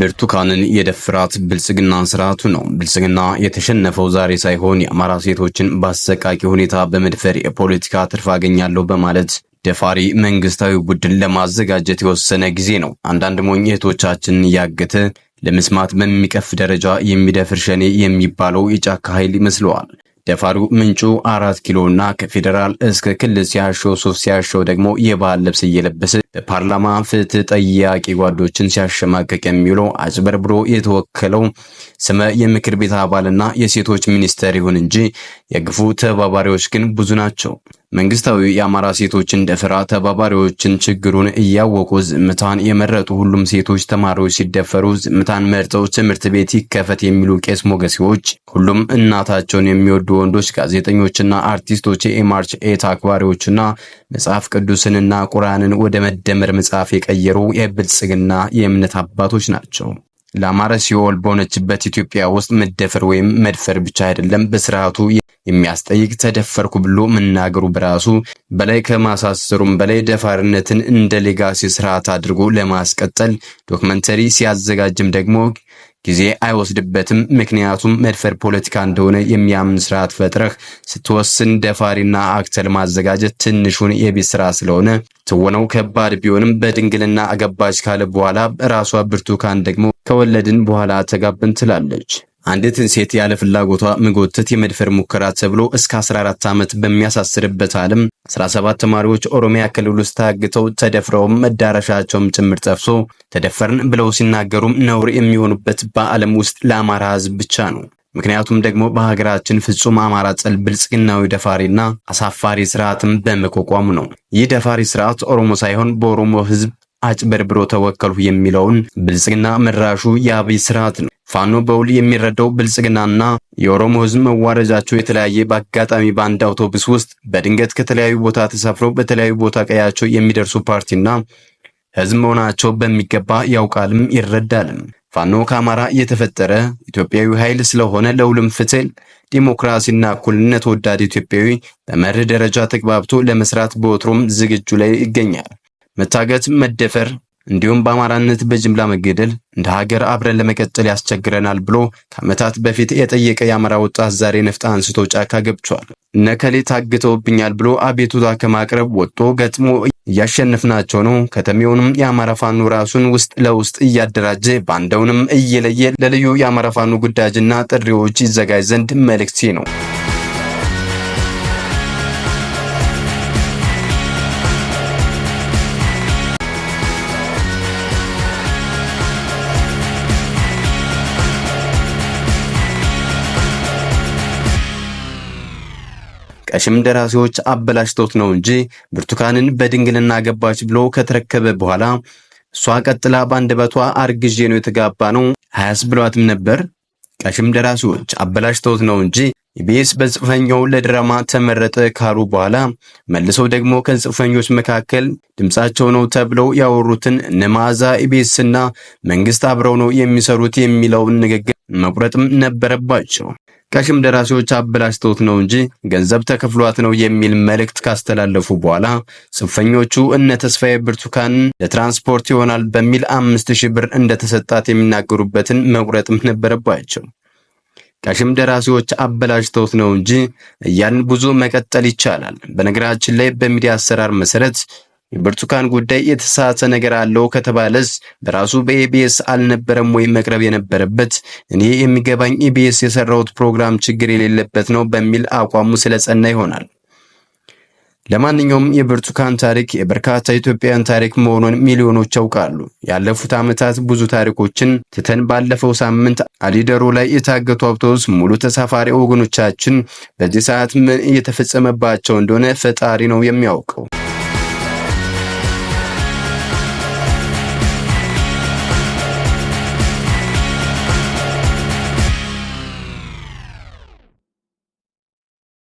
ብርቱካንን የደፍራት ብልጽግናን ስርዓቱ ነው። ብልጽግና የተሸነፈው ዛሬ ሳይሆን የአማራ ሴቶችን በአሰቃቂ ሁኔታ በመድፈር የፖለቲካ ትርፍ አገኛለሁ በማለት ደፋሪ መንግስታዊ ቡድን ለማዘጋጀት የወሰነ ጊዜ ነው። አንዳንድ ሞኝ እህቶቻችንን ያገተ ለመስማት በሚቀፍ ደረጃ የሚደፍር ሸኔ የሚባለው የጫካ ኃይል ይመስለዋል። ደፋሩ ምንጩ አራት ኪሎና ከፌዴራል እስከ ክልል ሲያሸው ሱፍ ሲያሸው ደግሞ የባህል ልብስ እየለበሰ በፓርላማ ፍትህ ጠያቂ ጓዶችን ሲያሸማቀቅ የሚውለው አጭበርብሮ የተወከለው ስመ የምክር ቤት አባልና የሴቶች ሚኒስተር ይሁን እንጂ የግፉ ተባባሪዎች ግን ብዙ ናቸው። መንግስታዊ የአማራ ሴቶችን ደፍራ ተባባሪዎችን ችግሩን እያወቁ ዝምታን የመረጡ ሁሉም ሴቶች ተማሪዎች ሲደፈሩ ዝምታን መርጠው ትምህርት ቤት ይከፈት የሚሉ ቄስ ሞገሴዎች፣ ሁሉም እናታቸውን የሚወዱ ወንዶች፣ ጋዜጠኞችና አርቲስቶች፣ የማርች ኤት አክባሪዎችና መጽሐፍ ቅዱስንና ቁርአንን ወደ መደመር መጽሐፍ የቀየሩ የብልጽግና የእምነት አባቶች ናቸው። ለአማራ ሲኦል በሆነችበት ኢትዮጵያ ውስጥ መደፈር ወይም መድፈር ብቻ አይደለም በስርዓቱ የሚያስጠይቅ ተደፈርኩ ብሎ መናገሩ በራሱ በላይ ከማሳሰሩም በላይ ደፋርነትን እንደ ሌጋሲ ስርዓት አድርጎ ለማስቀጠል ዶክመንተሪ ሲያዘጋጅም ደግሞ ጊዜ አይወስድበትም። ምክንያቱም መድፈር ፖለቲካ እንደሆነ የሚያምን ስርዓት ፈጥረህ ስትወስን ደፋሪና አክተር ማዘጋጀት ትንሹን የቤት ስራ ስለሆነ ትወነው ከባድ ቢሆንም በድንግልና አገባች ካለ በኋላ ራሷ ብርቱካን ደግሞ ከወለድን በኋላ ተጋብን ትላለች። አንዲትን ሴት ያለ ፍላጎቷ መጎተት የመድፈር ሙከራ ተብሎ እስከ 14 ዓመት በሚያሳስርበት ዓለም 17 ተማሪዎች ኦሮሚያ ክልል ውስጥ ታግተው ተደፍረውም መዳረሻቸውም ጭምር ጠፍሶ ተደፈርን ብለው ሲናገሩም ነውር የሚሆኑበት በዓለም ውስጥ ለአማራ ሕዝብ ብቻ ነው። ምክንያቱም ደግሞ በሀገራችን ፍጹም አማራ ጠል ብልጽግናዊ ደፋሪና አሳፋሪ ስርዓትም በመቋቋሙ ነው። ይህ ደፋሪ ስርዓት ኦሮሞ ሳይሆን በኦሮሞ ሕዝብ አጭበርብሮ ተወከልሁ የሚለውን ብልጽግና መራሹ የአብይ ስርዓት ነው። ፋኖ በውል የሚረዳው ብልጽግናና የኦሮሞ ህዝብ መዋረጃቸው የተለያየ በአጋጣሚ በአንድ አውቶቡስ ውስጥ በድንገት ከተለያዩ ቦታ ተሳፍረው በተለያዩ ቦታ ቀያቸው የሚደርሱ ፓርቲና ህዝብ መሆናቸው በሚገባ ያውቃልም ይረዳልም። ፋኖ ከአማራ የተፈጠረ ኢትዮጵያዊ ኃይል ስለሆነ ለሁሉም ፍትህ፣ ዲሞክራሲና እኩልነት ወዳድ ኢትዮጵያዊ በመርህ ደረጃ ተግባብቶ ለመስራት በወትሮም ዝግጁ ላይ ይገኛል። መታገት፣ መደፈር፣ እንዲሁም በአማራነት በጅምላ መገደል እንደ ሀገር አብረን ለመቀጠል ያስቸግረናል ብሎ ከዓመታት በፊት የጠየቀ የአማራ ወጣት ዛሬ ነፍጥ አንስቶ ጫካ ገብቷል። ነከሌ ታግተውብኛል ብሎ አቤቱታ ከማቅረብ ወጥቶ ገጥሞ እያሸነፍናቸው ነው። ከተሜውንም የአማራ ፋኑ ራሱን ውስጥ ለውስጥ እያደራጀ ባንዳውንም እየለየ ለልዩ የአማራ ፋኑ ጉዳጅና ጥሪዎች ይዘጋጅ ዘንድ መልእክቴ ነው። ቀሽም ደራሲዎች አበላሽቶት ነው እንጂ ብርቱካንን በድንግልና ገባች ብሎ ከተረከበ በኋላ እሷ ቀጥላ በአንደበቷ አርግዤ ነው የተጋባ ነው ሀያስ ብሏትም ነበር። ቀሽም ደራሲዎች አበላሽቶት ነው እንጂ ኢቢኤስ በጽፈኛው ለድራማ ተመረጠ ካሉ በኋላ መልሰው ደግሞ ከጽፈኞች መካከል ድምፃቸው ነው ተብለው ያወሩትን ንማዛ መዓዛ ኢቢኤስና መንግስት አብረው ነው የሚሰሩት የሚለውን ንግግር መቁረጥም ነበረባቸው። ከሽም ደራሲዎች አበላሽተውት ነው እንጂ ገንዘብ ተከፍሏት ነው የሚል መልእክት ካስተላለፉ በኋላ ጽንፈኞቹ እነ ተስፋዬ ብርቱካን ለትራንስፖርት ይሆናል በሚል አምስት ሺህ ብር እንደተሰጣት የሚናገሩበትን መቁረጥም ነበረባቸው። ከሽም ደራሲዎች አበላሽተውት ነው እንጂ እያልን ብዙ መቀጠል ይቻላል። በነገራችን ላይ በሚዲያ አሰራር መሰረት የብርቱካን ጉዳይ የተሳተ ነገር አለው ከተባለስ በራሱ በኢቢኤስ አልነበረም ወይ መቅረብ የነበረበት? እኔ የሚገባኝ ኢቢኤስ የሰራሁት ፕሮግራም ችግር የሌለበት ነው በሚል አቋሙ ስለጸና ይሆናል። ለማንኛውም የብርቱካን ታሪክ የበርካታ ኢትዮጵያውያን ታሪክ መሆኑን ሚሊዮኖች ያውቃሉ። ያለፉት ዓመታት ብዙ ታሪኮችን ትተን ባለፈው ሳምንት አሊደሮ ላይ የታገቱ አውቶቡስ ሙሉ ተሳፋሪ ወገኖቻችን በዚህ ሰዓት ምን እየተፈጸመባቸው እንደሆነ ፈጣሪ ነው የሚያውቀው።